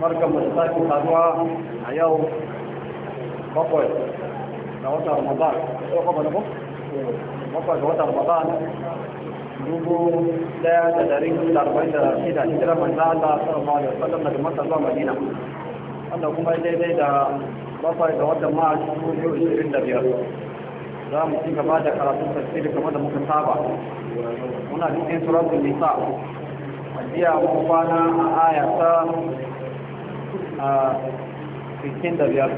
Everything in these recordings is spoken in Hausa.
barkan mu da sake saduwa a yau bakwai ga wata ramadan ko kuma eh, da bakwai ga wata ramadan dubu daya da dari da arba'in da shida hijira manzo Allah sallallahu alaihi wasallam daga Makka zuwa Madina wanda kuma daidai da bakwai ga watan Maris dubu biyu ishirin da biyar za mu ci gaba da karatun tafsiri kamar da muka saba muna cikin suratul nisa jiya mun kwana a aya ta ستين آه، دبيار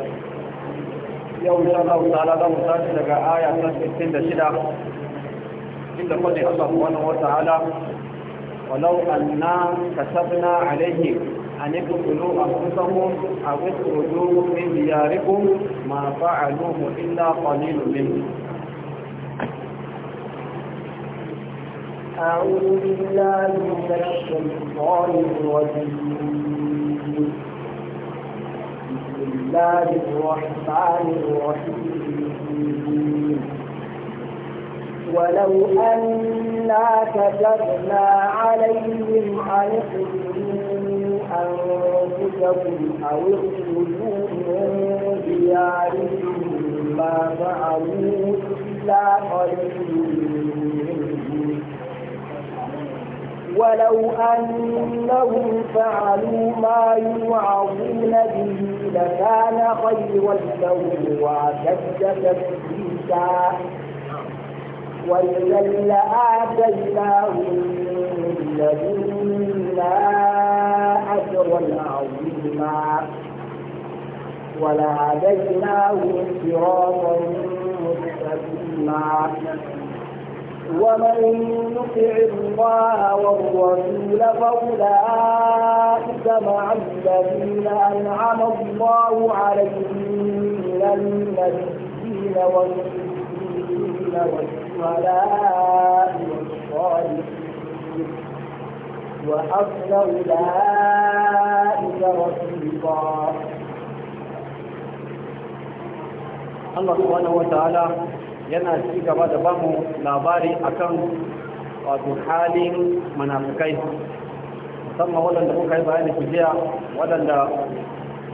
يوم شاء الله تعالى ده مصاري لك آية ستين دشدة إلا قدر الله سبحانه وتعالى ولو أننا كسبنا عليهم أن يقتلوا أنفسهم أو يخرجوا من دياركم ما فعلوه إلا قليل منهم أعوذ بالله من الشيطان الرجيم الله الرحمن الرحيم ولو أنا كتبنا عليهم أن اقتلوا أنفسكم أو اخرجوا من ديارهم ما فعلوه إلا قليل ولو أنهم فعلوا ما يوعظون به لكان خيرا لهم وأشد تثبيتا والذين لآتيناهم لدنا أجرا عظيما ولهديناهم صراطا مستقيما ومن يطع الله والرسول فأولئك مع الذين أنعم الله عليهم من النبيين والصديقين والشهداء والصالحين وحسن أولئك رفيقا الله سبحانه وتعالى yana ci gaba da bamu labari akan wato halin manafikai musamman waɗanda kuka yi bayani ku jiya waɗanda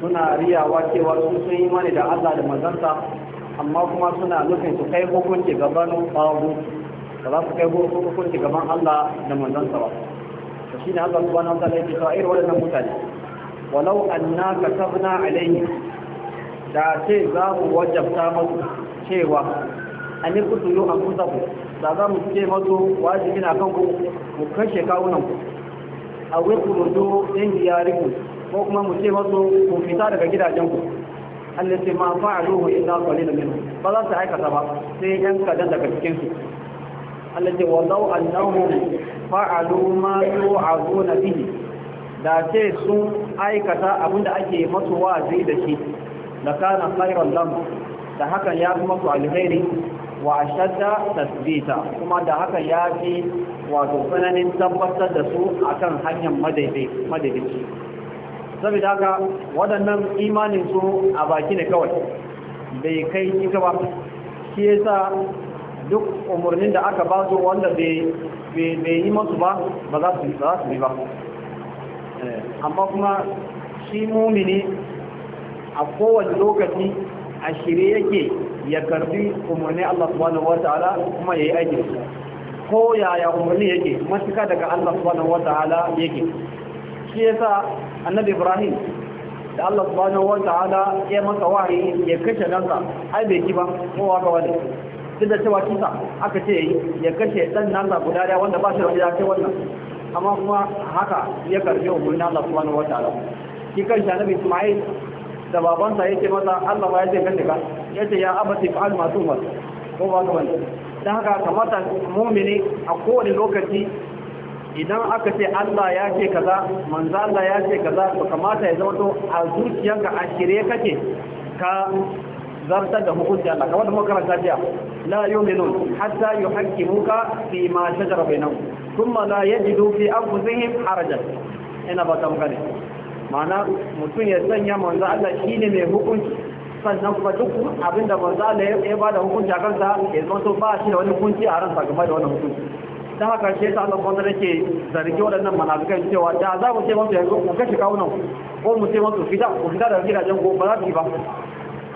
suna riyawa cewa su sun yi mani da Allah da manzansa amma kuma suna nufin su kai hukunci gaban babu da za su kai hukunci gaban Allah da manzansa ba to shine Allah subhanahu wa ta'ala yake a irin waɗannan mutane walau anna tabna alaihim da ce za mu wajabta masu cewa an yi kusu yau an kusa ku da za mu ce masu wajibi na kanku mu kashe kawunan ku a wai ku rodo yan diyariku ko kuma mu ce masu ku fita daga gidajen ku Allah ce ma fa'aluhu illa da minu ba za su aikata ba sai yan kadan daga cikin su an nahu fa a fa'alu ma a na bihi da ce sun aikata abinda ake masu wa'azi da shi da kana khairan lamu da hakan ya kuma su alheri wa shadda tasbita kuma da haka ya fi wato tsananin tabbatar da su a kan hanyar madaidaici saboda haka waɗannan imanin su a baki ne kawai bai kai kika ba shi yasa duk umarnin da aka ba su wanda bai yi masu ba ba za su yi ba eh, amma kuma shi mumini a kowane lokaci a shirye yake ya karbi umarni Allah subhanahu wataala kuma yayi aiki ko yaya umarni yake matuka daga Allah subhanahu wataala yake shi yasa annabi Ibrahim da Allah subhanahu wataala ya masa wahayi ya kashe dansa ai bai ki ba ko waka wani duk da cewa kisa aka ce ya kashe dan nasa guda daya wanda ba shi da ya ce wannan amma kuma haka ya karbi umarni Allah subhanahu wataala shi kan shi annabi Ismail da babansa yake masa Allah ba ya ce kace ka yace ya abati fa'al ma tumar ko ba kuma dan haka kamata mu'mini a kowane lokaci idan aka ce Allah ya ce kaza manzo Allah ya ce kaza to kamata ya zama a zuciyarka a shirye kake ka zartar da hukunci Allah kamar da muka karanta jiya la yu'minun hatta yuhaqqimuka fi ma shajara bainahum thumma la yajidu fi anfusihim harajan ina ba ta muka ne mana mutum ya sanya manzo Allah shine mai hukunci sannan kuma duk abin da manzo Allah ya bada hukunci a kansa ya zama to ba shi da wani hukunci a ransa game da wannan hukunci dan haka shi yasa Allah wanda yake zargi waɗannan munafikan cewa da za mu ce musu yanzu ku kashe kawunan ko mu ce musu fita ku fita daga gidajen ko ba za su yi ba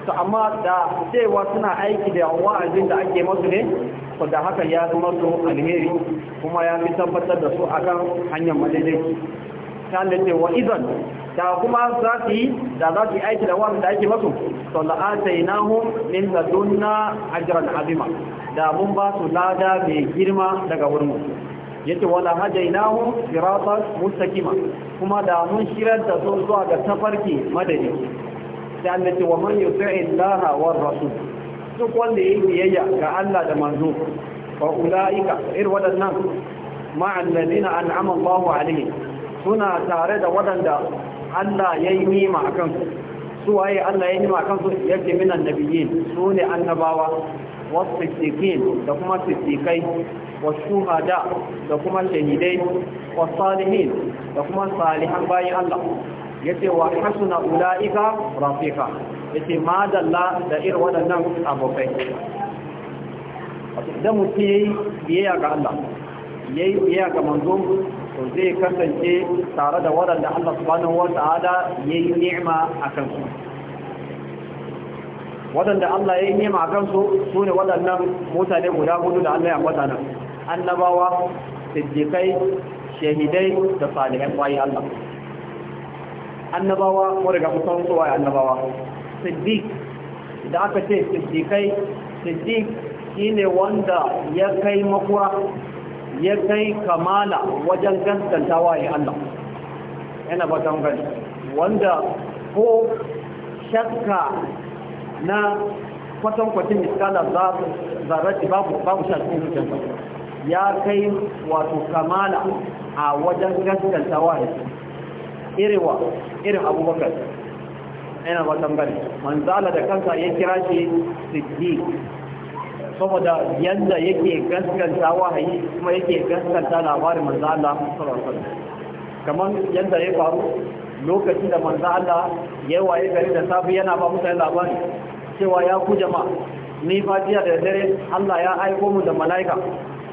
to amma da cewa suna aiki da wa'azin da ake musu ne da haka ya zama su alheri kuma ya fi tabbatar da su akan hanyar madaidaici ta lalace wa idan da kuma za su yi da za su yi aiki da wani da ake masu to la'atainahum min ladunna ajran azima da mun ba su lada mai girma daga wurin yace wala hadainahu siratan mustaqima kuma da mun shirar da su zuwa ga tafarki madadi da Allah ce wa man yuti'i Allah war rasul duk wanda yayi biyayya ga Allah da manzo fa ulaika ir waɗannan? ma'an ladina an'ama Allahu alaihim suna tare da waɗanda. Allah ya yi nima a kansu su waye Allah ya yi nima a kansu yake minan nabiyyin su ne annabawa wasu siddiqin da kuma siddiqai wasu hada da kuma shahidai wasu salihin da kuma salihan bayan Allah Ya ce wa hasuna ulaika Ya ce ma da irin waɗannan abokai da mutum yi biyayya ga Allah yi biyayya ga manzon to zai kasance tare da waɗanda Allah subhanahu wa ta'ala ya yi ni'ima a kansu waɗanda Allah ya yi ni'ima a kansu su ne waɗannan mutane guda hudu da Allah ya ambata nan annabawa siddiqai shahidai da salihan bayi Allah annabawa ko daga kusan su waye annabawa siddiq da aka ce siddiqai siddiq shine wanda ya kai makura ya kai kamala wajen gaskantawa ya Allah yana ba ta wanda ko shakka na kwatankwacin miskala zarraci babu shakin zuciyarsa ya kai wato kamala a wajen gaskantawa ya irewa irin abubakar yana ba ta manzala da kansa ya kira shi siddiq saboda yadda yake gaskanta wahayi kuma yake gaskanta labarin manzo Allah sallallahu alaihi yadda ya faru lokacin da manzo Allah ya waye gari da safi yana ba mutane labari cewa ya ku jama'a ni fatiya da dare Allah ya aiko mu da malaika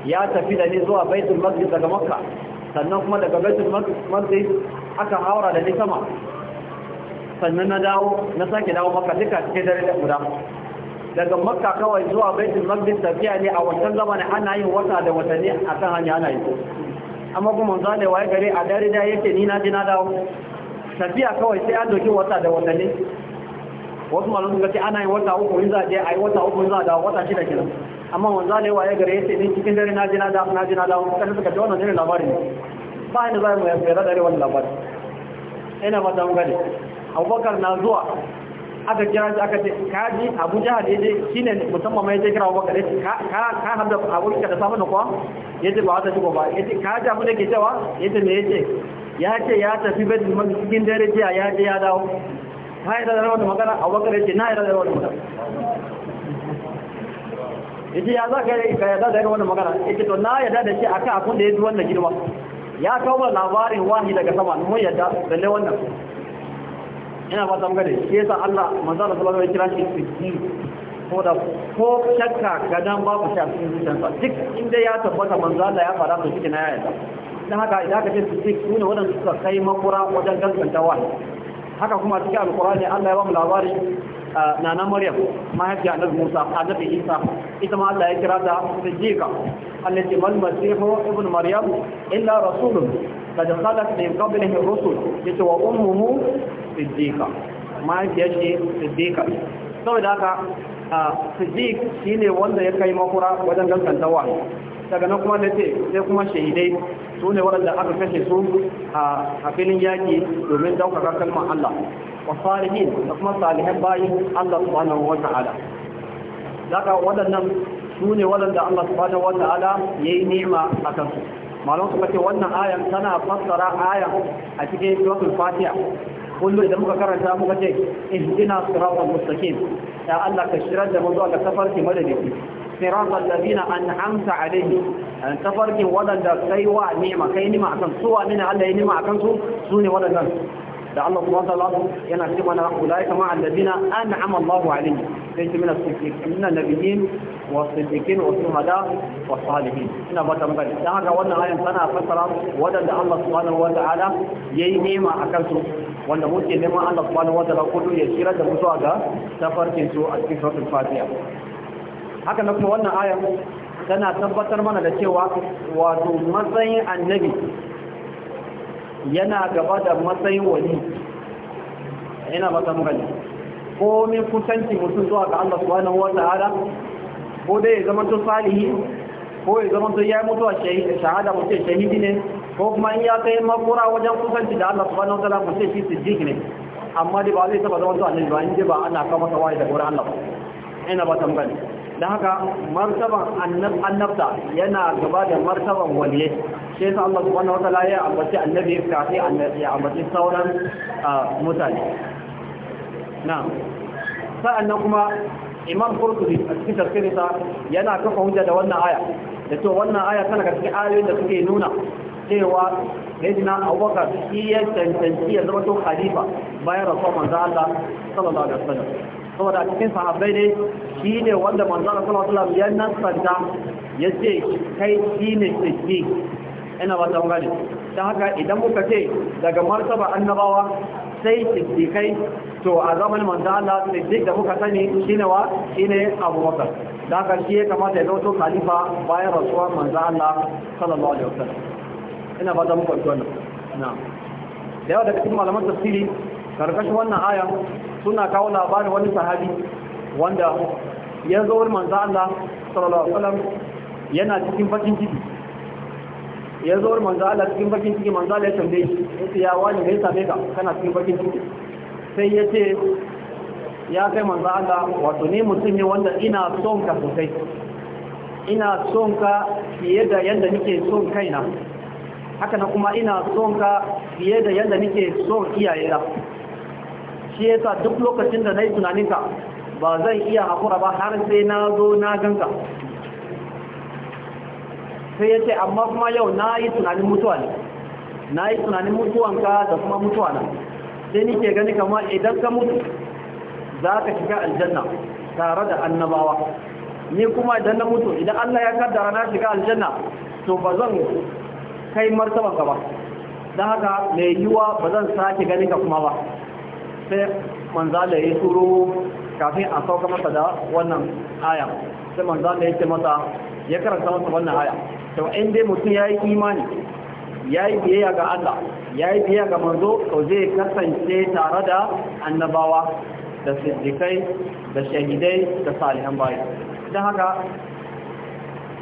ya tafi da ni zuwa baitul maqdis daga makka sannan kuma daga baitul maqdis aka haura da ni sama sannan na dawo na sake dawo makka duka cikin dare da guda daga makka kawai zuwa baitul maqdis tafiya ne a wancan zamanin ana yin wata da watanni akan hanya ana yi amma kuma manzo ne waye gare a dare da yake ni na ji na dawo tafiya kawai sai an doki wata da watanni wasu malamu ga ce ana yin wata uku in za a je a yi wata uku in za a dawo wata shida kenan amma manzo ne waye gare yake ni cikin dare na ji na dawo na ji na dawo kana suka ce wannan ne labarin ba ni za mu yarda da wannan labarin ina ba dan gane abubakar na zuwa aka kira shi aka ce kaji Abuja abu jihar ne shi ne musamman mai zai kira abubakar ka hamza abu ka da samun da kuwa ya ce ba wata shigo ba ya ce ka da ke cewa ya ce me ya ce ya ce ya tafi bedin man cikin dare jiya ya je ya dawo ta yi rarrawa da magana abubakar ya ce na yi rarrawa da magana yace ya za ka yi ka yada da irin wannan magana yace to na yada da shi akan abun da ya ji wannan girma ya kawo labarin wahi daga sama mun yadda balle wannan ina ba ta magana shi yasa Allah manzo Allah sallallahu alaihi wasallam ya kira shi ko da ko shakka dan babu shi a cikin duk inda ya tabbata manzo Allah ya fara to shi na ya yarda dan haka idan ka ce siddiq sune wadanda suka kai makura wajen gaskanta wahayi haka kuma cikin alkurani Allah ya ba mu labari Nana Maryam mahaifiya Annabi Musa Annabi Isa ita ma Allah ya kira ta siddiqa allati mal masihu ibn maryam illa rasulun قد خلت من قبله الرسل yace wa ummuhu siddiqa mahaifiyar shi siddiqa saboda haka siddiq shine wanda ya kai makura wajen gaskanta wa daga nan kuma nace sai kuma shahidai su waɗanda aka kashe su a yaki yaƙi domin daukaka kalmar Allah wa salihin da kuma salihan bai Allah subhanahu wa ta'ala daga waɗannan waɗanda Allah ni'ima a kansu malon su ce wannan ayan tana fassara ayan a cikin suratul fatiha kullu idan muka karanta muka ce ihdina siratal mustaqim ya Allah ka shirar da mu zuwa ga tafarki madadiki siratal ladina an'amta alaihim an tafarki wadanda kai wa ni'ima kai ni'ima akan su wa ne Allah ya ni'ima akan su su ne wadannan da Allah kuma wa ta'ala yana cewa na ulai kama alladina an'ama Allahu alaihim sai ce mina siddiqin nabiyyin wa siddiqin wa shuhada wa salihin ina ba ta magana dan haka wannan ayan tana fassara wadanda Allah subhanahu wa ta'ala yi nema a su wanda muke neman Allah subhanahu wa ta'ala kudu ya shira da mutuwa ga tafarkin su a cikin suratul fatiha haka na kuma wannan ayan tana tabbatar mana da cewa wato matsayin annabi yana gaba da matsayin wani yana matsayin ko min kusanci mutum zuwa ga Allah subhanahu wa ta'ala ko dai ya zama to salihi ko ya zama to ya mutuwa shahada mutum shahidi ne ko kuma in ya kai makura wajen kusanci da Allah subhanahu wa ta'ala mutum shi siddiq ne amma dai ba zai taba zama to annabi ba in ba ana kawo masa wayi da wurin Allah ina ba tambaya da haka martaban annabta yana gaba da martaban waliye shi yasa Allah subhanahu wataala ya ambaci annabi kafin annabi ya ambaci sauran mutane na'am sa'annan kuma imam qurtubi a cikin tafsirinsa yana kafa hujja da wannan aya da to wannan aya tana ga cikin ayoyin da suke nuna cewa sayyidina abubakar shi ya cancanci ya zama to khalifa bayan rasuwa manzo Allah sallallahu alaihi wasallam saboda cikin sahabbai ne shi ne wanda manzana sallallahu ya nasanta ya ce kai shi ne tsaki ina ba ta gani ta haka idan muka ce daga martaba annabawa sai siddiƙai to a zaman manzana siddiq da muka sani shi ne wa shi ne abubakar da haka shi ya kamata ya zauto khalifa bayan rasuwar manzana sallallahu alaihi wasallam ina ba ta muka wannan na da yawa daga cikin malaman tafsiri karkashi wannan aya suna kawo labarin wani sahabi wanda ya zo wurin manzo Allah sallallahu alaihi wasallam yana cikin bakin ciki ya zo wurin manzo Allah cikin bakin ciki manzo Allah ya tambaye shi yace ya wani me ya same ka kana cikin bakin ciki sai ya ce ya kai manzo Allah wato ni mutum ne wanda ina son ka sosai ina son ka fiye da yadda nake son kaina haka na kuma ina son ka fiye da yadda nake son iyayena shi yasa duk lokacin da nayi yi ka ba zan iya hakura ba har sai na zo na ganka sai ya amma kuma yau na yi tunanin mutuwa ne na yi tunanin ka da kuma mutuwa na sai nike gani kama idan ka mutu za ka shiga aljanna tare da annabawa ni kuma idan na mutu idan Allah ya kaddara na shiga aljanna to ba zan kai ka ba don haka mai yiwuwa ba zan sake gani ka kuma ba sai manzala ya turo kafin a sauka masa da wannan aya sai manzala ya ce masa ya karanta masa wannan aya to in dai mutum ya yi imani ya yi biyayya ga Allah ya yi biyayya ga manzo to zai kasance tare da annabawa da siddiƙai da shahidai da salihan bayi don haka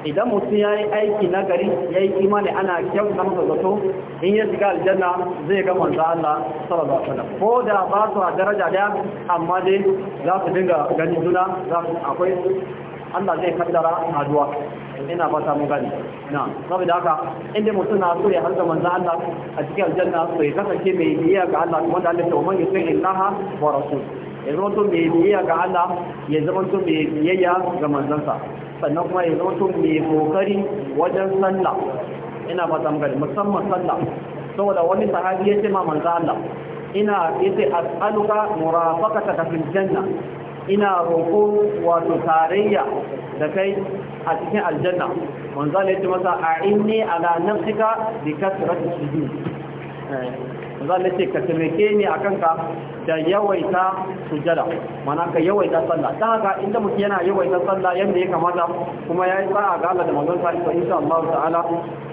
idan mutum ya yi aiki na gari ya yi imani ana kyauta masa zato in ya shiga aljanna zai ga manzo Allah sallallahu alaihi wasallam ko da ba su a daraja daya amma dai za su dinga ganin juna za su akwai Allah zai kaddara haduwa ina fata mun gani na saboda haka inda mutum na so ya harka manzo Allah a cikin aljanna so ya kasance mai biya ga Allah kuma da Allah ta umman sai illaha wa rasul ya zama mai biya ga Allah ya zama mai biyayya ga manzansa sannan kuma ya zama mai kokari wajen sallah ina ba tambayi musamman sallah saboda wani sahabi ya ce ma manzo Allah ina yace as'aluka murafaqataka fil janna ina roƙo wato tarayya da kai a cikin aljanna manzo Allah ya ce masa a'inni ala nafsika bi kasrati sujud eh, zan ce ka taimake ni a kanka da yawaita sujada mana ka yawaita sallah ta haka inda mutum yana yawaita sallah yadda ya kamata kuma ya yi tsaya ga Allah da manzon sa to insha Allah ta'ala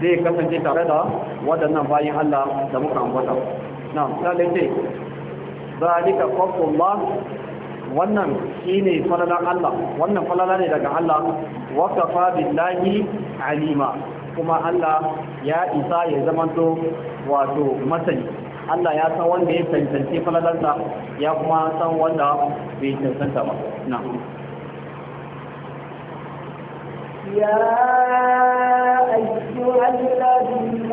zai kasance tare da waɗannan bayin Allah da muka ambata na'am sai ce zalika qawlullah wannan shine falalan Allah wannan falala ne daga Allah wa kafa billahi alima kuma Allah ya isa ya zamanto wato masani Allah ya san wanda ya cancanci falalansa ya kuma san wanda bai cancanta ba na يا أيها الذين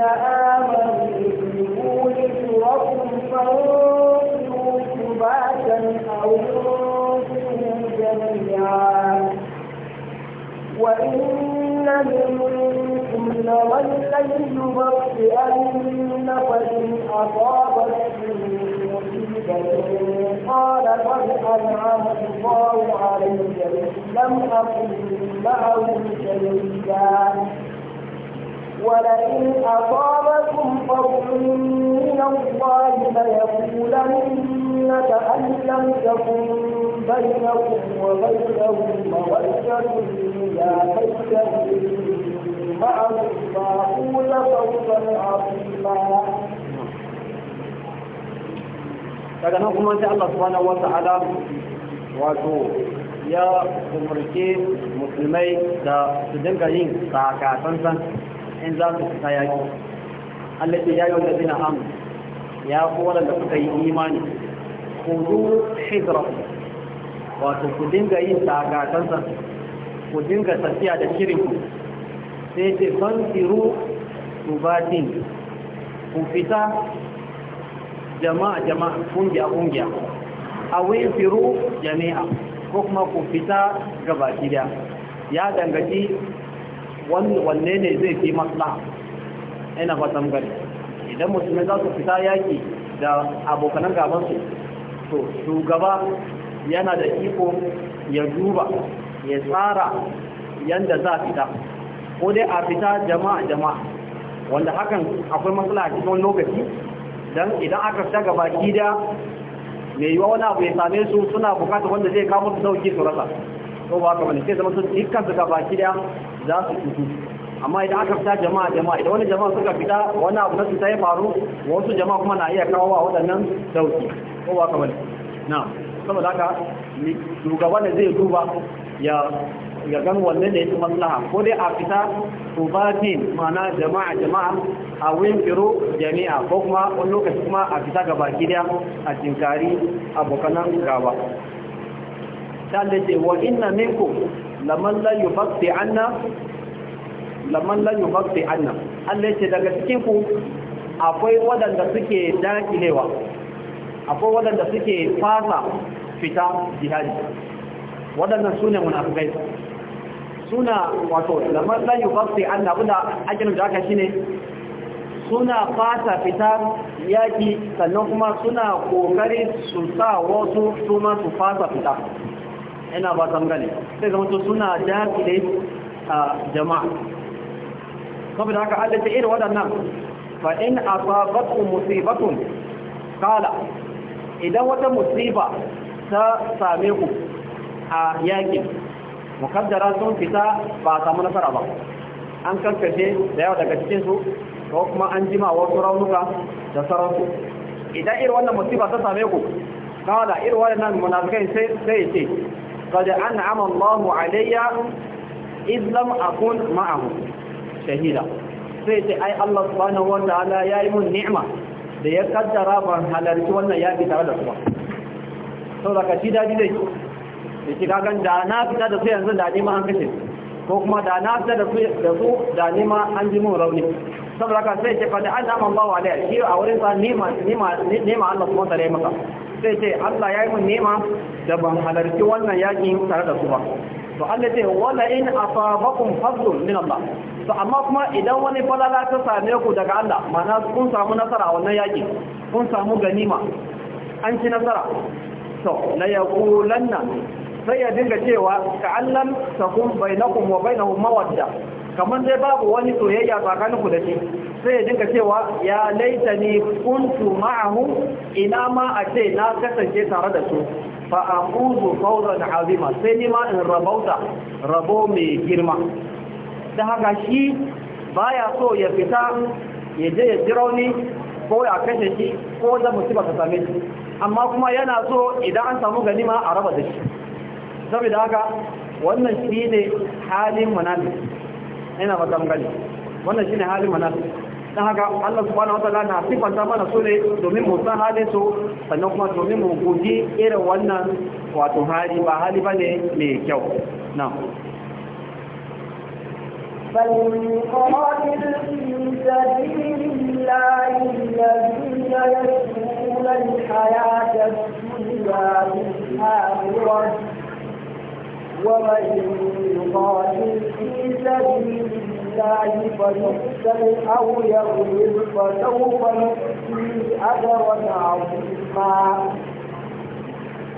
آمنوا اتقوا لكم فانفروا ثباتا أو انفروا جميعا وإن الذين منكم لوليتم بطئن فإن أصابتكم مصيبة قال قد أنعم الله علي لم أكن معه شريكا ولئن أصابكم فضل من الله ليقولن كأن لم تكن بينكم وبينه مودة إذا فكرت معه فأقول فوزا عظيما daga nan kuma sai Allah subhanahu wa ta'ala wato ya umarce musulmai da su dinga yin tsakasansan in za su fita yaki Allah ya yi wanda zina amu ya kowar da suka yi imani ku zu hijira wato ku dinga yin tsakasansan ku dinga tafiya da shirin ku sai ce ban siru tubatin ku fita jama'a jama'a kungiya kungiya a wai firu jami'a ko kuma ku fita gaba gida ya dangaci wanne ne zai fi matsala ina fatan gari. idan musulmi za su fita yaki da abokanan gabansu to shugaba yana da iko ya duba ya tsara yadda za a fita ko dai a fita jama'a jama'a wanda hakan akwai matsala a cikin lokaci don idan aka fita gaba gida mai yiwa wani abu ya same su suna bukatar wanda zai kama su sauki su rasa ko ba wani sai zama su dukkan su gaba gida za su cutu amma idan aka fita jama'a jama'a idan wani jama'a suka fita wani abu na su ta yi faru wasu jama'a kuma na iya kawo wa waɗannan sauki ko ba wani na da haka shugaba ne zai duba ya ya gan wanne da ya maslaha ko dai a fita tubatin mana jama'a jama'a a winkiro jami'a ko kuma wani lokaci kuma a fita gaba gida a cinkari abokan gaba ta da ce wa inna minku laman la yufatti anna laman la yufatti anna Allah ce daga cikin ku akwai wadanda suke dakilewa akwai waɗanda suke fasa fita jihadi waɗannan su ne munafikai suna wato da lan yi fasa an da abuda ajiyar da aka shine suna fasa fita yaƙi sannan kuma suna kokari su sa wasu suna su fasa fita ina ba san gani sai zama to suna dakile a jama'a Kuma haka aka ta irin waɗannan fa in asabatkum musibatun kala? idan wata musiba ta same ku a yakin mukaddara sun fita ba a samu nasara ba an karkace da yawa daga cikinsu ko kuma an jima wasu raunuka da sarautu idan irin wannan musiba ta same ku kawada irin wannan munafikai sai ce kada an aman Allahu alayya islam akun ma'ahu shahida sai ce ai Allah subhanahu wa ta'ala yayi mun ni'ima da ya kaddara ban halarci wannan yaƙi tare da kuma sau da kashi daji dai da shi kagan da na fita da su yanzu da nema an kashe ko kuma da na fita da su da nema an ji mun rauni saboda ka sai ce fa da Allah man bawa alai shi a wurin sa nema Allah kuma tare maka sai ce Allah ya yi mun nema da ban halarci wannan yaƙi tare da su ba to Allah ce wala in asabakum fadlun min Allah to amma kuma idan wani falala ta same ku daga Allah mana kun samu nasara a wannan yaki kun samu ganima an ci nasara to la yaqulanna sai ya dinga cewa ka allam takum bainakum wa bainahum mawadda kamar dai babu wani soyayya tsakaninku da shi sai ya dinga cewa ya laitani kuntu ma'ahum ina ma a ce na kasance tare da su fa aquzu da azima sai ni ma in rabauta rabo mai girma da haka shi ba ya so ya fita ya je ya jira ni ko ya kashe shi ko da musiba ta same shi amma kuma yana so idan an samu ganima a raba da shi saboda haka wannan shi ne halin manafi, ina matan gani wannan shi ne halin manafi. dan haka Allah subhanahu wataala na sifanta mana su ne domin mu san hali su sannan kuma domin mu guji irin wannan wato hali ba hali ba ne mai kyau na'am بل قاتل في سبيل الله الذين يشرون ومن يقاتل في سبيل الله فيقتل أو يغلب فسوف نؤتيه أجرا عظيما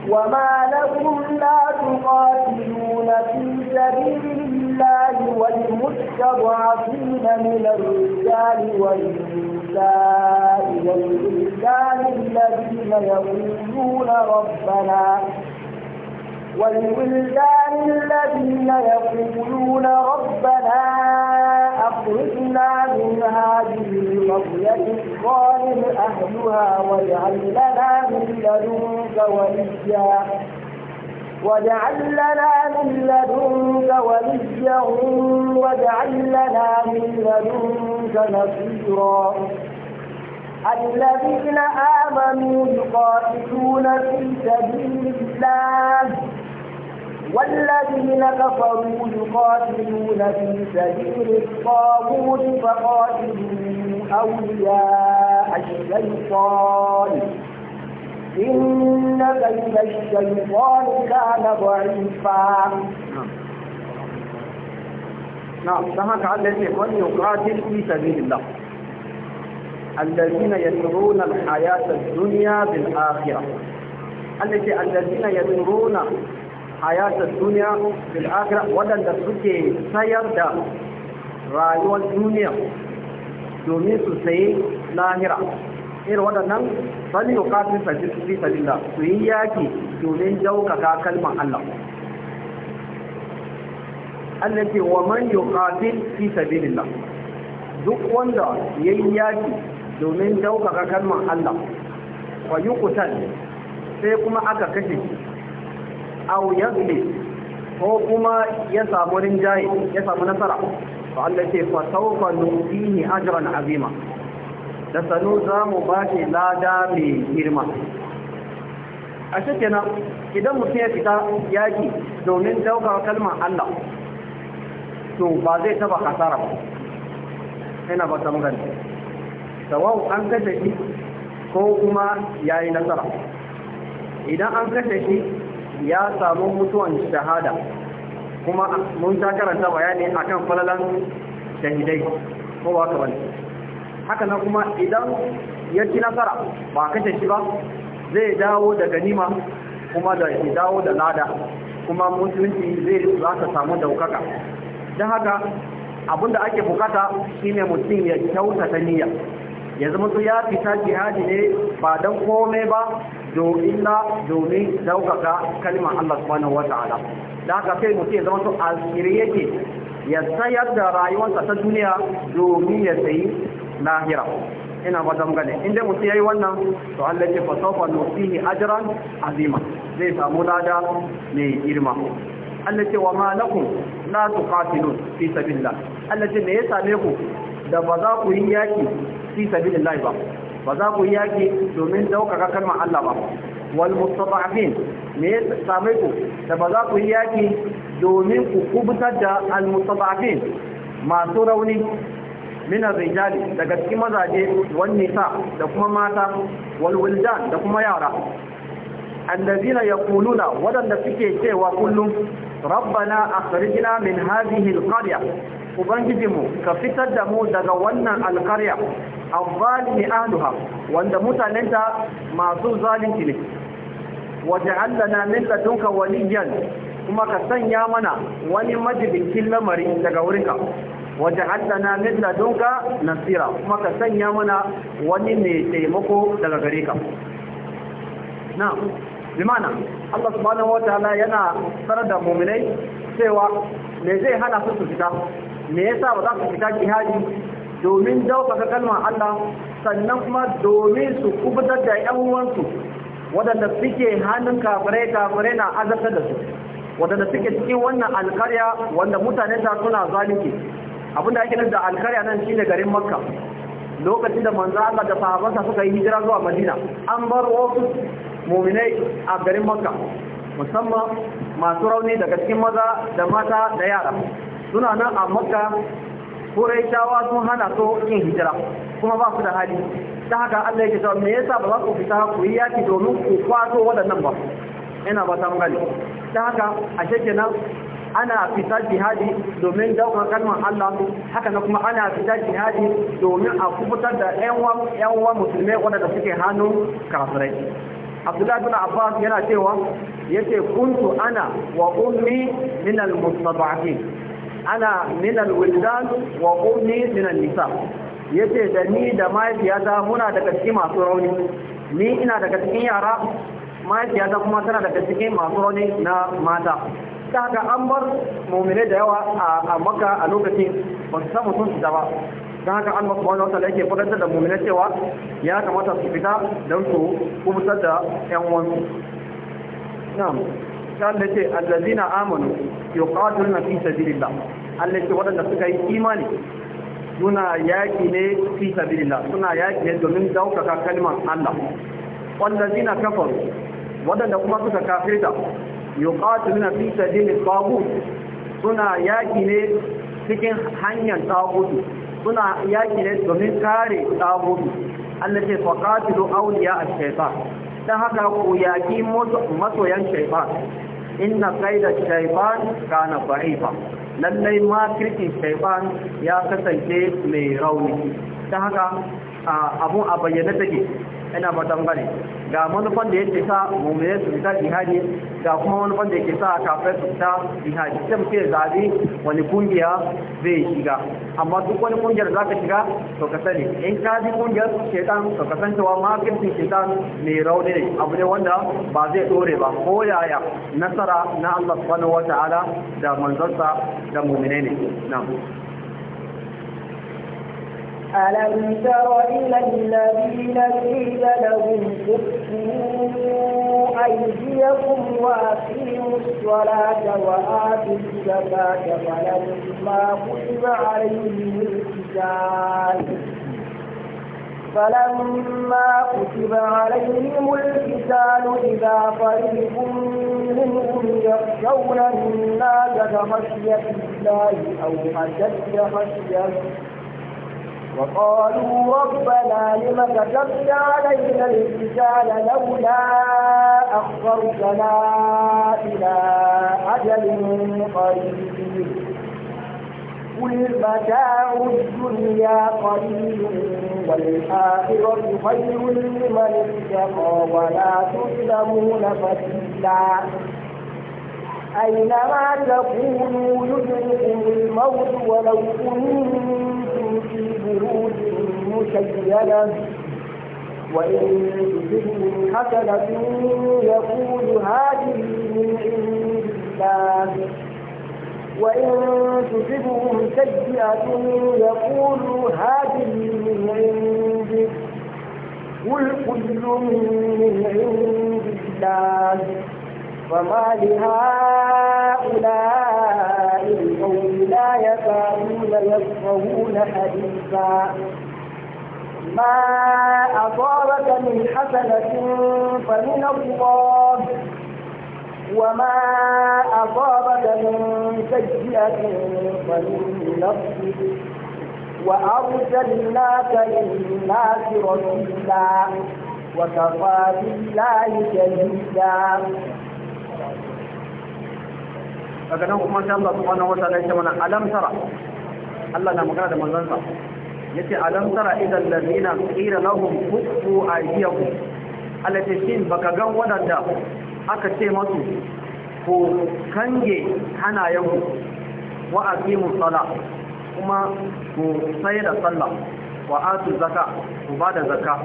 وما لكم لا تقاتلون في سبيل الله والمستضعفين من الرجال والنساء والولدان الذين يقولون ربنا والولدان الذين يقولون ربنا أخرجنا من هذه المضية الظالم أهلها واجعل لنا من لدنك وليا واجعل لنا من لدنك وليا واجعل لنا من لدنك نصيرا الذين آمنوا يقاتلون في سبيل الله والذين كفروا يقاتلون في سبيل الطاغوت فقاتلوا أولياء الشيطان إن كيد الشيطان كان ضعيفا نعم سمعت عن الذي من يقاتل في سبيل الله الذين يسرون الحياة الدنيا بالآخرة التي الذين يسرون hayatar duniya fil akhirah waɗanda suke sayar da rayuwar duniya domin su sayi lahira irin waɗannan kafin yukafin fi sabilillah su yi yaki domin daukaka kalmar Allah Allah ce wa man yukafin fi sabilillah duk wanda yayi yaki domin daukaka kalmar Allah wa yuqtal sai kuma aka kashe shi aw yaghli ko kuma ya samu rinjaye ya samu nasara to Allah ce fa sawfa nutihi ajran azima da sanu za mu ba shi lada mai girma a nan idan mutum ya fita yaki domin daukar kalmar Allah to ba zai taba kasara ba ina ba ta magana sawau an kashe shi ko kuma yayi nasara idan an kashe shi ya samu mutuwan shahada kuma mun ta karanta bayani akan falalan shahidai ko ba kaban haka na kuma idan ya ci nasara ba kashe shi ba zai dawo da ganima kuma da ya dawo da lada kuma musulunci zai za ta samu daukaka don haka abinda ake bukata shine mutum ya kyautata niyya yanzu mutum ya fita jihadi ne ba don komai ba illa domin daukaka kalmar Allah subhanahu wata'ala da haka sai mutum ya zama a alkiri yake ya sayar da rayuwarsa ta duniya domin ya sayi lahira ina ba zan gane inda mutum yi wannan to Allah ya fa sawfa nusihi ajran azima zai samu lada mai girma Allah ce wa ma na la tuqatilun fi sabilillah Allah ce me ya same ku da ba za ku yi yaki fi sabilillah ba ba za ku yaki domin ɗaukaka kalmar Allah ba wal mustada'afin me ya same ku da ba za ku yaki domin ku kubutar da al mustada'afin masu rauni min rijali daga cikin mazaje wan nisa da kuma mata wal wildan da kuma yara allazina yaquluna wadanda suke cewa kullum rabbana akhrijna min hadhihi al ubangijinmu ka fitar da mu daga wannan alkarya azzalimi ahluha wanda mutanenta masu zalunci ne waj'al lana min ladunka waliyan kuma ka sanya mana wani majibincin lamari daga wurinka waj'al lana min ladunka nasira kuma ka sanya mana wani mai taimako daga gare ka na'am limana Allah subhanahu wataala yana sanar da mu'minai cewa me zai hana su fita me yasa ba za su fita jihadi domin daukaka kalmar Allah sannan kuma domin su kubutar da ƴan uwansu waɗanda suke hannun kafirai kafirai na azabtar da su waɗanda suke cikin wannan alkarya wanda mutane ta suna zalunci abinda ake nan da alkarya nan shine garin makka lokacin da manzo Allah da sahabbansa suka yi hijira zuwa Madina an bar wasu mu'minai a garin makka musamman masu rauni daga cikin maza da mata da yara suna nan a makka shawa sun hana so yin hijira kuma ba su da hali ta haka Allah yake cewa me yasa ba za ku fita ku yi yaki domin ku kwato waɗannan ba ina ba ta gani ta haka a nan ana fita jihadi domin daukar kalmar Allah haka na kuma ana fita jihadi domin a kubutar da ƴan uwa musulmai waɗanda suke hannun kafirai Abdullahi bin Abbas yana cewa yace kuntu ana wa ummi min al-mustada'in ana minal wildan wa ummi minan nisa yace da ni da mahaifiyata muna daga cikin masu rauni ni ina daga cikin yara mahaifiyata kuma tana daga cikin masu rauni na mata ta haka an bar mummune da yawa a maka a lokacin ba su samu sun fita ba ta haka an masu wani wata da yake fadantar da mummune cewa ya kamata su fita don su kubutar da 'yan wansu. sai Allah ce allazina amanu yuqatiluna fi sabilillah Allah ce wadanda suka yi imani suna yaki ne fi sabilillah suna yaki ne domin daukaka kalmar Allah wallazina kafaru wadanda kuma suka kafirta yuqatiluna fi sabilit tagut suna yaki ne cikin hanyar tagutu suna yaki ne domin kare tagutu Allah ce faqatilu awliya ash-shaytan dan haka ku yaki masoyan shaytan inna qaida shaytan kana da'ifa lallai kirkin shaytan ya kasance mai rauni ta haka abun a bayyana take ina ba tambare ga manufan da yake sa mummune su fita jihadi ga kuma manufan da yake sa kafin su fita jihadi sai mutum zabi wani kungiya zai shiga amma duk wani kungiyar za ka shiga to ka sani in ka bi kungiyar shetan to ka san cewa makircin shetan mai rauni ne abu ne wanda ba zai dore ba ko yaya nasara na Allah subhanahu wataala da manzansa da mummune ne na'am ألم تر إلى الذين قيل لهم كفوا أيديكم وأقيموا الصلاة وآتوا الزكاة فلما كتب عليهم القتال فلما كتب عليهم القتال إذا فريق منهم يخشون الناس كخشية الله أو أشد خشية وقالوا ربنا لم كتبت علينا القتال لولا أخرتنا إلى أجل قريب قل متاع الدنيا قليل والآخرة خير لمن اتقى ولا تظلمون فتيلا أينما تكونوا يدركم الموت ولو كنتم في بروج مشيدة وإن تجدهم حسنة يقول هذه من عند الله وإن تصبهم سيئة يقول هذه من عندك قل كل من عند الله فما لهؤلاء القوم لا يكادون يفقهون حديثا ما أصابك من حسنة فمن الله وما أصابك من سيئة فمن نفسك وأرسلناك للناس رسولا وكفى بالله شهيدا daga nan kuma sai Allah subhanahu wataala ya ce mana alam tara Allah na magana da manzansa yace alam tara idan ladina qila lahum kuffu aydiyakum Allah shin baka ga wadanda aka ce masu ko kange hanayenku wa aqimu sala kuma ku sayar da sallah wa atu zakka ku bada zakka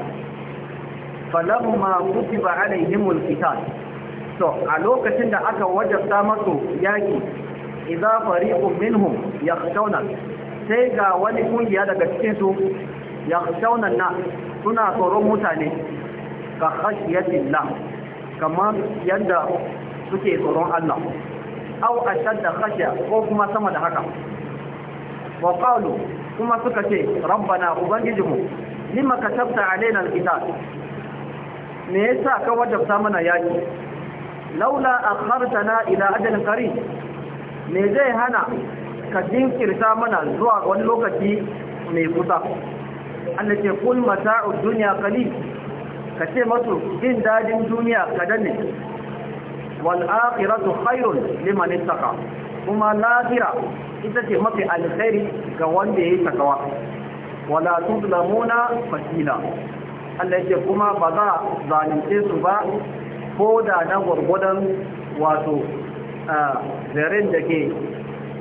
falamma kutiba alaihimul qital to a lokacin da aka wajabta masu yaki idza fariqun minhum yakhshawna sai ga wani kungiya daga cikin su yakhshawna na suna tsoron mutane ka khashiyatillah kamar yadda suke tsoron Allah aw ashadda khashya ko kuma sama da haka wa qalu kuma suka ce rabbana ubangijinmu lima katabta alaina alqital me yasa ka wajabta mana yaki laula akhartana ila ajalin qarib me zai hana ka jinkirta mana zuwa wani lokaci mai kusa Allah ce kul mata'ud dunya qalil ka ce masu jin dadin duniya kadan ne wal akhiratu khairun liman ittaqa kuma lahira ita ce mafi alkhairi ga wanda yayi takawa wala tuzlamuna fatila Allah ya ce kuma ba za zalunce su ba ko da na gwargwadon wato zaren da ke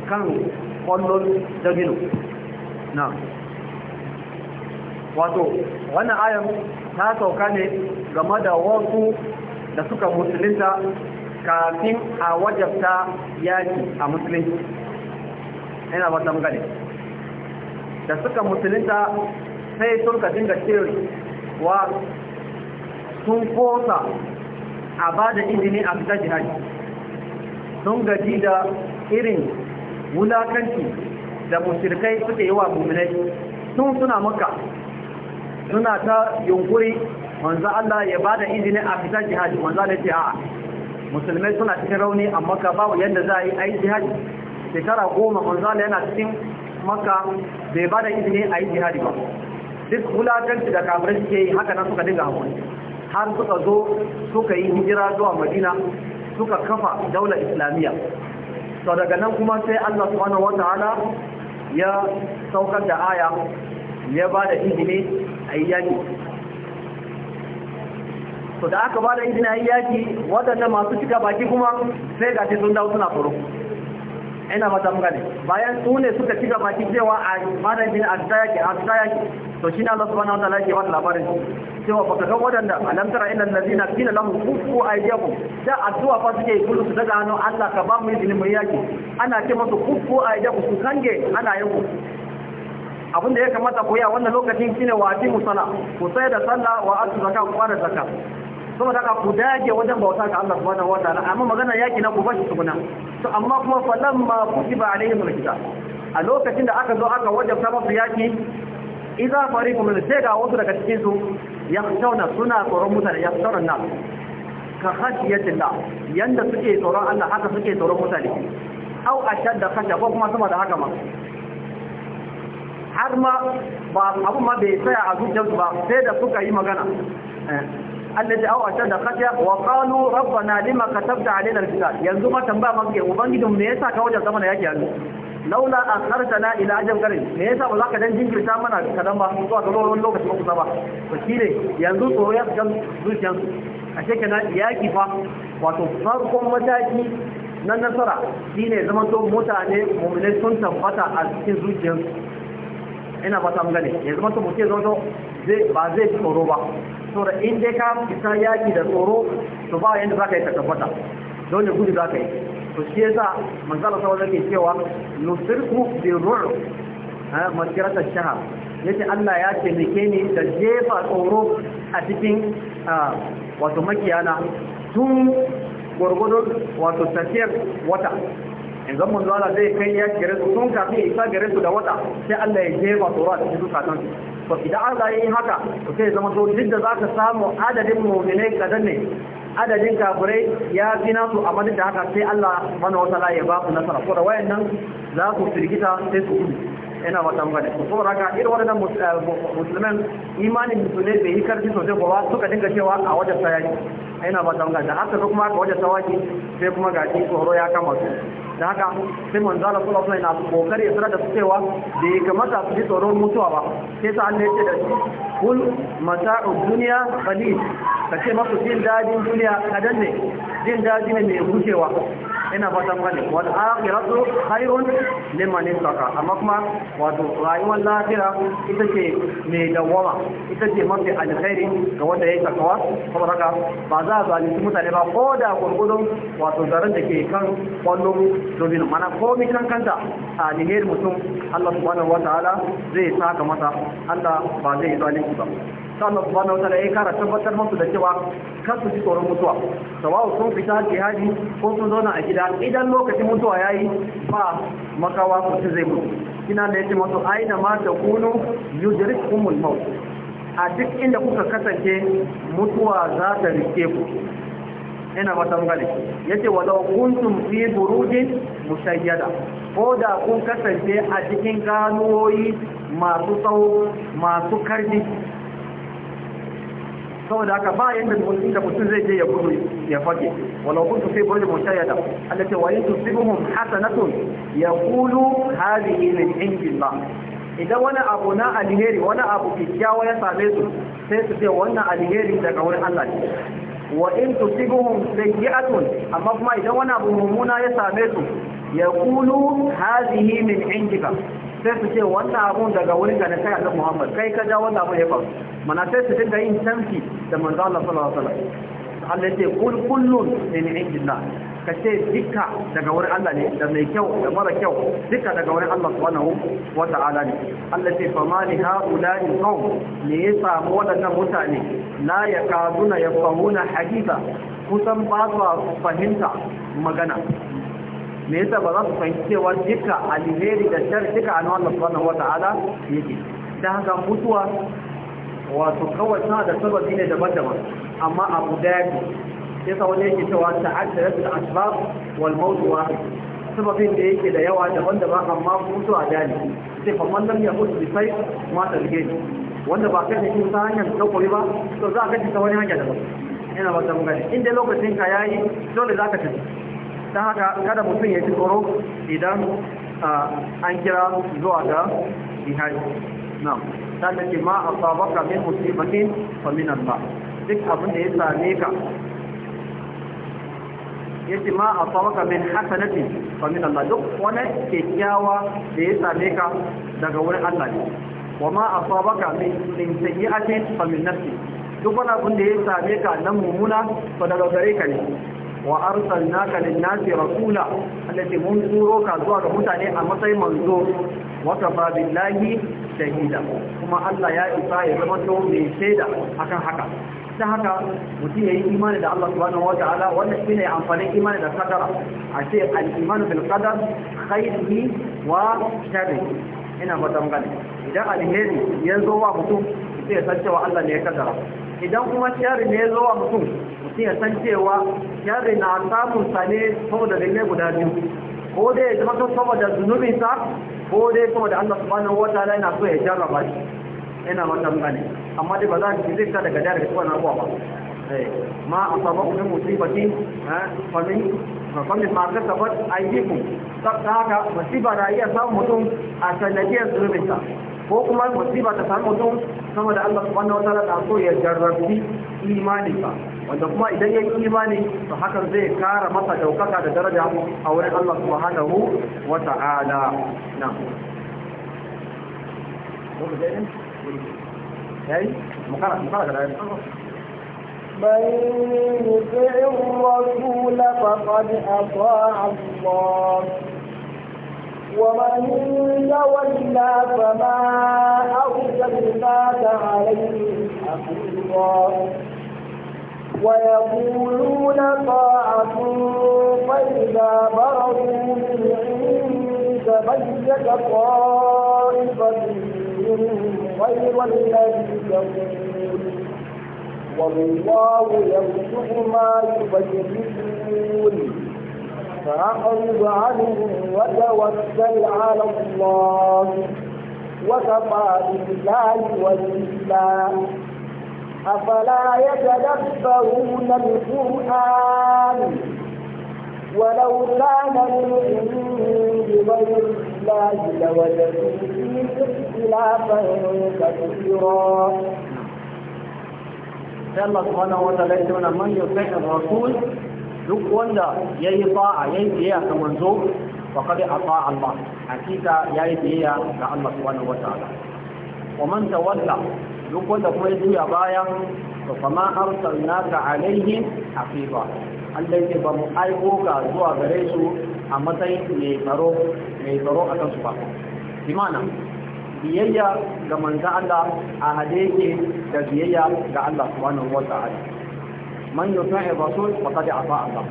kan kwallon dabino na wato wannan ayan ta sauka ne game da wasu da suka musulinta kafin a wajabta yaki a musulunci yana ba gane, da suka musulinta sai sun ka dinga cewa sun kosa a ba da izini a fita jihadi sun gaji da irin wulakanci da mushrikai suka yi wa muminai sun suna maka suna ta yunkuri wanzu Allah ya ba da izini a fita jihadi wanzu Allah ce a musulmai suna cikin rauni a maka babu yadda za a yi a yi jihadi shekara goma wanzu Allah yana cikin maka bai ba da izini a yi jihadi ba duk wulakanci da kamar suke yi haka nan suka dinga hankali har suka zo suka yi hijira zuwa madina suka kafa daular islamiyya To daga nan kuma sai allah subhanahu wataala ya saukar da aya ya ba da izini a yi yaki to da aka ba da izini a yi yaki waɗanda masu cika baki kuma sai ga sun dawo suna tsoro. ina mata gane bayan su ne suka cika baki cewa a mana jini a tsaya ke? a tsaya ke. to shi ne Allah subhanahu wataala yake wata labarin cewa baka ga wadanda alam tara illal ladina qila lahum kufu aydiyakum da addu'a fa suke kullu su daga hannu Allah ka ba mu izini mu yaki ana ce musu kufu aydiyakum su kange ana yanku abinda ya kamata ku yi a wannan lokacin shine wa ati musala ku sai da sallah wa atu zakat ku fara zakat saboda da ku dage wajen bauta ga Allah subhanahu wataala amma magana yaki na ku bashi tukuna to amma kuma falamma kutiba alaihim alkitab a lokacin da aka zo aka wajabta masu yaki idza fariqu min sai wasu daga cikin su yakhshawna suna tsoron mutane yakhshawna nas ka khashiyatillah yanda suke tsoron Allah haka suke tsoron mutane au ashadda khashya ko kuma sama da haka ma har ma ba abu ma bai tsaya a zuciyarsu ba sai da suka yi magana eh, allazi aw ashadda khashya wa qalu rabbana lima katabta alaina alkitab yanzu ma tambaya maka ubangijin me yasa ka wajen zama da yake hannu laula a akhartana ila ajam karin me yasa ba za ka dan jinkirta mana kadan ba zuwa ga wani lokaci ba kusa ba to ne yanzu tsoro ya fitan zuciyan a shekenan yaki fa wato farkon mataki na nasara ne zama to mutane mu'minai sun tabbata a cikin zuciyar ina ba ta gane ya zama to mutum zama ba zai tsoro ba saboda in dai ka fita yaki da tsoro to ba yanda za ka yi ka tabbata dole gudu za ka yi to shi yasa manzala sallallahu alaihi wasallam cewa nusirku bi ru'u ha makirata shahar yace Allah ya taimake ni da jefa tsoro a cikin wato makiyana tun gwargwadon wato tafiyar wata zan mun zuwa zai kai ya gare su sun kafin ya isa gare su da wata sai Allah ya jefa tsoro a cikin zukatan su to idan Allah ya yi haka to sai zama to duk da zaka samu adadin mu'minai kadan ne adadin kafirai ya fi nasu a madin da haka sai Allah mana wata laye ba su nasara ko da wayan nan za su firgita sai su gudu yana wata magana su saboda raka irin waɗannan eh, musulman imanin su ne bai yi karfi sosai ba suka dinga cewa a wajen sayaki yana wata magana da haka kuma a wajen sawaki sai kuma gaji tsoro ya kama su da haka sai manzo su lafai na su kokari ya sanar da cewa da ya kamata su ji tsoron mutuwa ba sai sa an ce da su kul mata'u duniya qalil kace maku jin dadin duniya kadan ne jin dadi ne mai gushewa ina fatan gani wal akhiratu khairun liman ittaqa amma kuma wato rayuwar lafiya ita ce mai dawowa ita ce mafi alkhairi ga wanda ya sakawa saboda ka ba za a zalunci mutane ba ko da gurgudun wato zarin da ke kan kwallo dobin mana komi kan kanta a nihiyar mutum Allah subhanahu wa ta'ala zai saka masa Allah ba zai zalunci ba sannan subhanahu wataala ya kara tabbatar musu da cewa kar su ji tsoron mutuwa sawawa sun fita jihadi ko sun zauna a gida idan lokacin mutuwa yayi ba makawa ko zai mutu kina da yace masu aina ma takunu yudrikumul maut a duk inda kuka kasance mutuwa za ta rike ku ina fata Ya ce walau kuntum fi burujin musayyada ko da kun kasance a cikin ganuwoyi masu tsawo masu karfi saboda haka ba yanda mutum da mutum zai je ya gudu ya fake walau kuntu fi burjin mushayyada allati wa in tusibuhum hasanatun yaqulu hadhihi min indillah idan wani abu na alheri wani abu kikkiawa ya same su sai su ce wannan alheri daga wurin Allah ne wa in tusibuhum sayyi'atun amma kuma idan wani abu mummuna ya same su yaqulu hadhihi min indika sai su ce wannan abun daga wurin ganin na kai annabi Muhammad kai ka ja wannan abun ya faru mana sai su dinga yin tamfi da manzo Allah sallallahu alaihi wasallam Allah ya ce kul kullun min indillah ka ce dukka daga wurin Allah ne da mai kyau da mara kyau dukka daga wurin Allah subhanahu wa ta'ala ne Allah ce fama ni haula'i qaum ne ya samu wadannan mutane la yakaduna yafahuna haditha kusan ba su fahimta magana me yasa ba za su fahimci cewa duka alheri da shar duka an wannan subhanahu wata'ala yake ta haka mutuwa wato kawai tana da sababi ne daban-daban amma abu daya ne yasa wani yake cewa da asbab wal mawdu wahid sababin da yake da yawa daban-daban amma mutuwa da ne sai kuma nan ya yahud da sai ma ni. wanda ba kai cikin ta hanyar kokori ba to za ka ci ta wani hanya daban ina ba ta mun gani inda lokacin ka yayi dole za ka tafi don haka kada mutum ya ci tsoro idan an kira zuwa ga jihari na sannan ce ma a sabaka min musibatin faminan ba duk abin da ya same ka ya ce ma a sabaka min hasanati faminan ba duk wani kyakkyawa da ya same ka daga wurin allah ne wa ma a sabaka min ake faminan ba duk wani abin da ya same ka nan mummuna ba daga gare ka ne wa arsalnaka lin-nasi rasula allati mun ka zuwa ga mutane a matsayin manzo wa kafa billahi shahida kuma Allah ya isa ya zama to mai shaida akan haka ta haka mutum yayi imani da Allah subhanahu wataala wannan shine amfanin imani da kadara a ce al-iman bil qadar khairihi wa sharrihi ina fatan gani idan alheri ya wa mutum sai ya san cewa Allah ne ya kaddara idan kuma shari ne zo wa mutum mutum ya san cewa shari na samun sa ne saboda dalilai guda biyu ko dai ya zama saboda zunubinsa ko dai saboda Allah subhanahu wa ta'ala yana so ya ba shi yana wannan gane amma dai ba za ki zai ta daga da daga wannan abuwa ba eh, ma asaba min musibati ha fa min fa min ma kasabat aydikum sabta haka musiba da iya samun mutum a sanadiyar zunubinsa ko kuma musiba ta samu mutum da Allah subhanahu wataala ta so ya jarrabi imani ba wanda kuma idan ya yi imani to hakan zai kara masa daukaka da daraja a wurin Allah subhanahu wataala na yayi mukara mukara da من يطع الرسول فقد أطاع الله ومن تولى فما أرسلناك عليهم حفيظا ويقولون طاعة فإذا برزوا من عند بيت طائفة منهم غير الذي يقول والله يرزق ما يبشرون فأعرض عنهم وتوكل على الله وكفى بالله وليا أفلا يتدبرون القرآن ولو كان من عند غير الله لوجدوا فيه اختلافا كثيرا الله سبحانه وتعالى من يطيع الرسول duk wanda ya yi fa’a ya yi biyayya ta manzo wa kada a fa’a alba a kika ya yi biyayya ga Allah su wani wata ala wa man ta duk wanda kuma ya juya baya to kama arsal na ka alaihi a ba an dai ba mu aiko ga zuwa gare su a matsayin mai tsaro a kansu ba imana biyayya ga manzo allah a hade ke da biyayya ga allah su wani wata ala man yuta rasul da afa Allah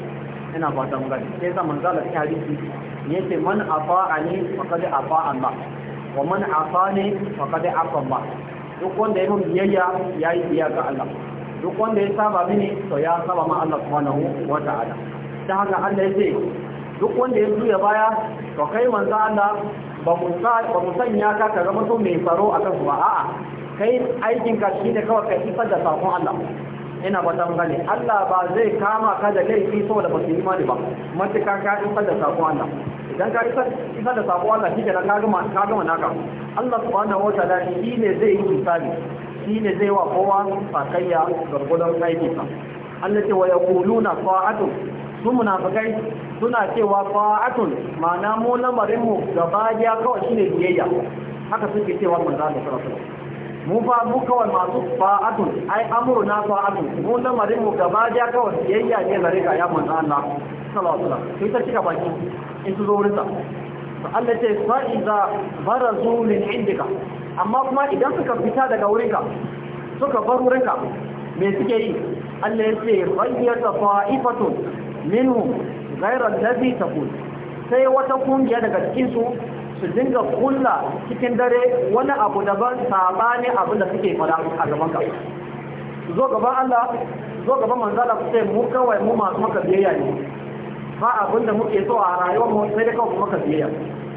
ina ba mun gani sai zaman zalla ta hadisi yace man afa ani da afa Allah wa man afani da afa ba? duk wanda ya mun biyayya ya yi biya ga Allah duk wanda ya saba mini to ya saba ma Allah subhanahu wa ta'ala ta haka Allah ce? duk wanda ya zuya baya to kai manzo Allah ba mu sa ba sanya ka ka zama mai tsaro akan kan ba a'a kai aikin ka shine kawai ka isar da sakon Allah ina ba ta gane Allah ba zai kama ka da laifi saboda ba su yi imani ba matukan ka isar da sakon Allah idan ka isar da sakon Allah nan ka gama ka gama naka Allah subhanahu wataala shi ne zai yi misali shi ne zai wa kowa sakayya gargudan aiki sa Allah ce wa yaquluna fa'atun su munafikai suna cewa fa'atun ma'ana mu lamarin mu gaba ya kawai shine biyayya haka suke cewa mun Allah sallallahu mu fa mu kawai masu fa'atun ai amuru na fa'atun mu lamarin mu gaba ja kawai biyayya ne gare ka ya manzo Allah sallallahu alaihi wasallam sai ta cika baki in su zo wurin sa Allah ce fa iza barazu lin indika amma kuma idan suka fita daga wurinka suka bar wurinka me suke yi Allah ya ce bayyata fa'ifatun minhum ghayra allazi taqul sai wata kungiya daga cikin su su dinga kulla cikin dare wani abu daban sabani abin da suke fada a gaban ka zo gaban Allah zo gaban manzala ku sai mu kawai mu masu maka biyayya ne ba abin da muke so a rayuwar mu sai da kawai maka biyayya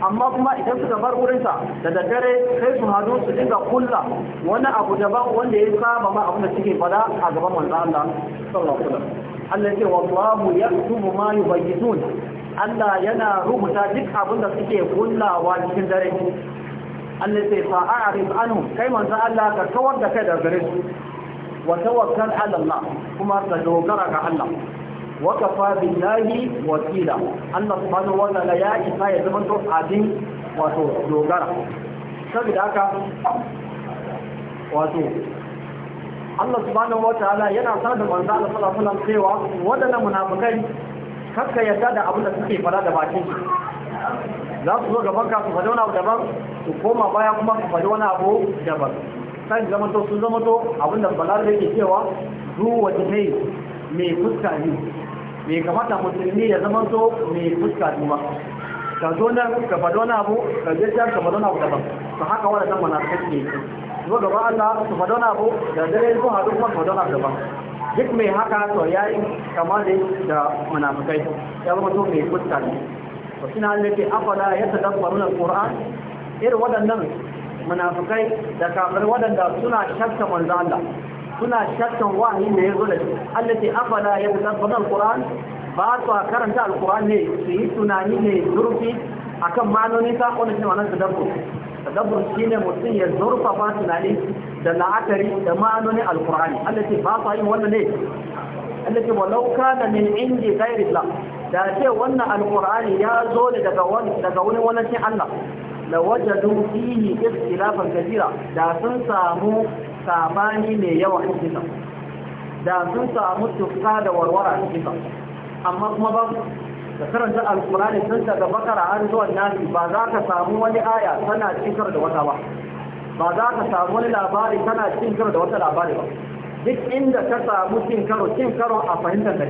amma kuma idan suka bar sa da daddare sai su hadu su dinga kulla wani abu daban wanda ya saba ma abin da suke fada a gaban manzo Allah sallallahu alaihi wasallam Allah ya ce wallahu yaktubu ma yubayyitun Allah yana rubuta duk abin da suke kullawa cikin dare Allah sai fa a'rif anhu kai manzo Allah ka kawar da kai da gare su wa tawakkal ala Allah kuma ka dogara ga Allah wa kafa billahi wakila Allah subhanahu wa ta'ala ya isa ya zama to abin wato dogara saboda haka wato Allah subhanahu wa ta'ala yana sanar da manzo Allah sallallahu alaihi wasallam cewa wadannan munafikai kakka yadda da abin da suke fada da bakin su za su zo gaban ka su faɗi wani abu daban su koma baya kuma su faɗi wani abu daban kan zamato sun zamato abin da balar da yake cewa zuwa jinai mai fuska ne mai kamata musulmi ya zama mai fuska ba ka zo nan ka fada wani abu ka je can ka fada wani abu daban to haka wannan nan mana kake zo gaba Allah su fada wani abu da dare zuwa haɗu kuma wani abu daban duk mai haka to yi kama da da munafikai ya zama to mai fuska ne to suna Allah ke afala ya nuna alquran irin waɗannan munafikai da kafir waɗanda suna shakka manzo Allah suna shakkan wani da ya zo da shi Allah da afala ya nuna alquran ba su karanta alquran ne su yi tunani ne zurfi akan ma'anonin sa ko ne wannan tadabbur tadabbur shine mutum ya zurfa ba tunani da la'akari da ma'anonin alkur'ani Allah ce ba sa yin wannan ne Allah ce walau kana min indi ghairillah da ce wannan alkur'ani ya zo ne daga wani daga wani wannan Allah la wajadu fihi ikhtilafan kathira da sun samu sabani mai yawa a cikin da sun samu tukka da warwara a cikin amma kuma ba da karanta alkurani tun daga bakara har zuwa nasi ba za ka samu wani aya tana cikar da wata ba ba za ka samu wani labari tana cin karo da wata labari ba duk inda ka samu cin karo cin karo a fahimtar da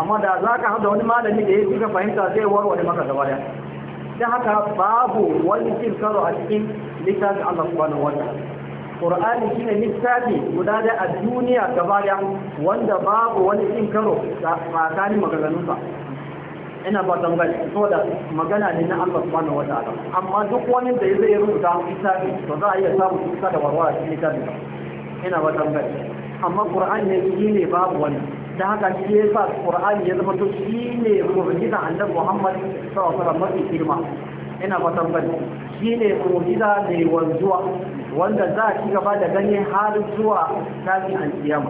amma da za ka haɗa wani malami da ya fi ka fahimta zai warware maka gaba ta haka babu wani cin karo a cikin littafin Allah subhanahu wata Qur'ani shine littafi guda da a duniya gaba wanda babu wani cin karo tsakanin ba. ina ba don gani so da magana ne na Allah subhanahu wa ta'ala amma duk wani da zai rubuta littafi to za a iya samun iska da warwara cikin littafin ina ba don gani amma Qur'ani ne shi ne babu wani da haka shi ya sa Qur'ani ya zama to shi ne mu'jiza Annabi Muhammad sallallahu alaihi wasallam mafi girma ina ba don gani shi ne mu'jiza ne wanzuwa wanda za a ci gaba da gani har zuwa tashin alkiyama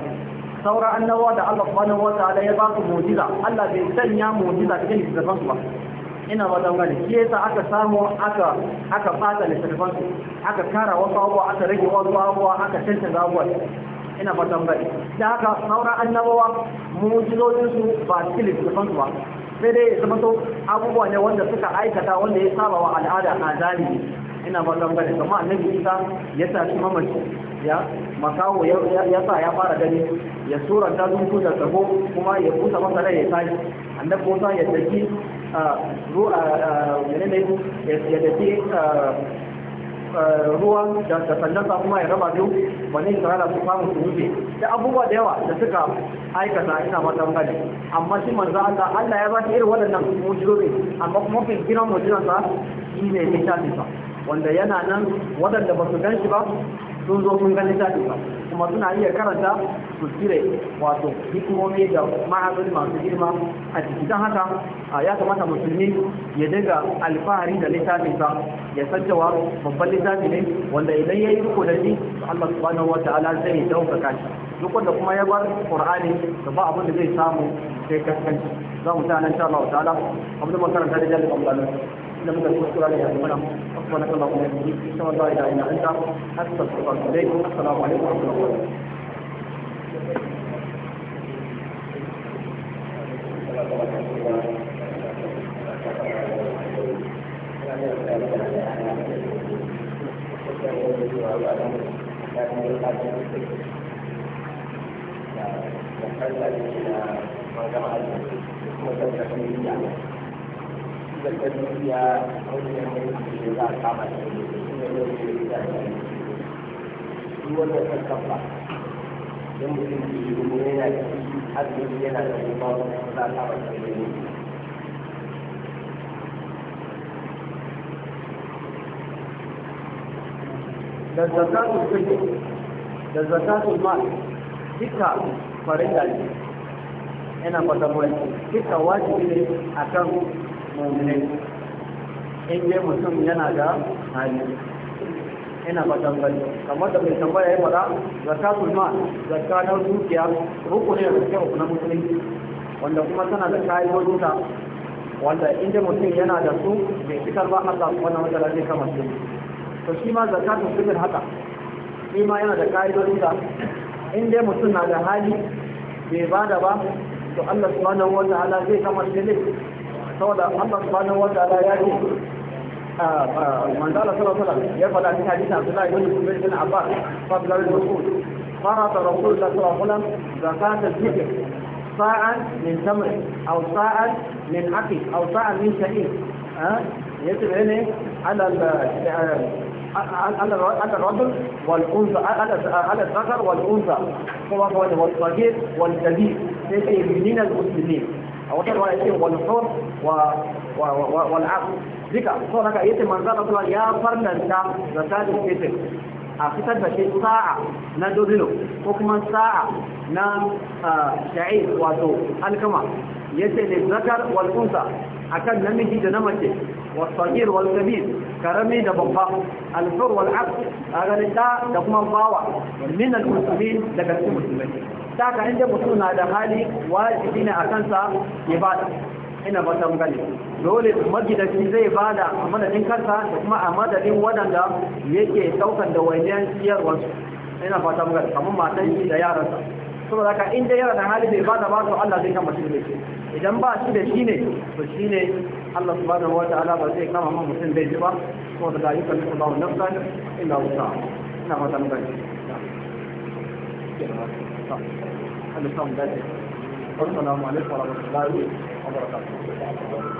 saura annabawa da Allah subhanahu wataala ya ba su mu'jiza Allah bai sanya mu'jiza cikin littattafan su ba ina ba don gane shi yasa aka samu aka aka fata littattafan su aka kara wasu abubuwa aka rage wasu abubuwa aka cancanta abubuwa ina ba don gane da haka saura annabawa mu'jizojin su ba cikin littattafan su ba sai dai ya zama abubuwa ne wanda suka aikata wanda ya saba wa al'ada na zalimi ina ba zan kuma annabi isa ya tashi mamaci ya makawo ya sa ya fara gani ya suranta dunku da tsago kuma ya kusa masa rai ya tashi annabi musa ya tafi ya tafi ruwan da sa kuma ya raba biyu wani isra'ila su samu su wuce da abubuwa da yawa da suka aikata ina mata gani amma shi manzo Allah Allah ya ba shi irin waɗannan mujizobi amma kuma fi kiran mujizansa shi ne littafinsa wanda yana nan waɗanda ba su gan shi ba sun zo sun gan littafin ba kuma suna iya karanta su cire wato hikimomi da ma'azin masu girma a ciki don haka ya kamata musulmi ya daga alfahari da littafin sa ya san cewa babban littafi ne wanda idan ya yi riko da shi Allah subhanahu wa ta'ala zai ɗaukaka shi duk wanda kuma ya bar Qur'ani da ba abin zai samu sai kaskanci za mu ta nan insha Allah ta'ala abin da makaranta da jami'an Allah لم نكن نشكر عليها ربنا سبحانك اللهم وبحمدك اشهد ان لا اله الا انت استغفرك واتوب اليك السلام عليكم ورحمه الله وبركاته Thank don yana da azumi yana da kuma za a yi mal duka farilla ne yana fata duka wajibi ne akan muminai in dai mutum yana da hali ina fatan gani kamar da mai tambaya ya faɗa zakka sulma zakka na dukiya rukuni da zakka na musulunci wanda kuma tana da ka'idodin ta wanda in dai mutum yana da su bai fitar ba Allah subhanahu wataala zai kama shi to shi ma zakatu sibir haka shi ma yana da ka'idodin ta in dai mutum na da hali bai bada ba to Allah subhanahu wataala zai kama shi saboda Allah subhanahu wa ta'ala ya ce ah, manzala sallallahu alaihi ya faɗa cikin hadisi Abdullah ibn Zubair bin Abbas fadlar rasul فرض رسول الله صلى الله عليه وسلم زكاة الفطر ساعة من تمر أو ساعة من عقل أو ساعة من شعير يجب هنا على على على الرجل والانثى على على الذكر والانثى هو والصغير والكبير من المسلمين a wata ruwa yace wal hur wa wal duka so haka yace manzo Allah ya farlanta zakatul fitr a fitar da shi sa'a na dozino ko kuma sa'a na sha'ir wato alkama yace ne zakar wal a akan namiji da na mace والصغير karami da babba بابا الحر والعبد اغلى da kuma bawa minan المسلمين daga cikin المسلمين ta ka inda mutum na da hali wajibi ne a kansa ya bada ina ba san gani dole magidanci zai bada a madadin kansa da kuma a madadin waɗanda yake ɗaukar da wajen siyarwarsu ina san gani. kamar matan shi da yaransa saboda ka inda yaran da hali bai bada ba to Allah zai kama shi da shi idan ba shi da shi ne to shi ne Allah subhanahu wa ta'ala ba zai kama man mutum bai ji ba saboda da yi kalli Allah nafsan illa wusa ina Thank you. نفهم ذلك والسلام عليكم ورحمة الله وبركاته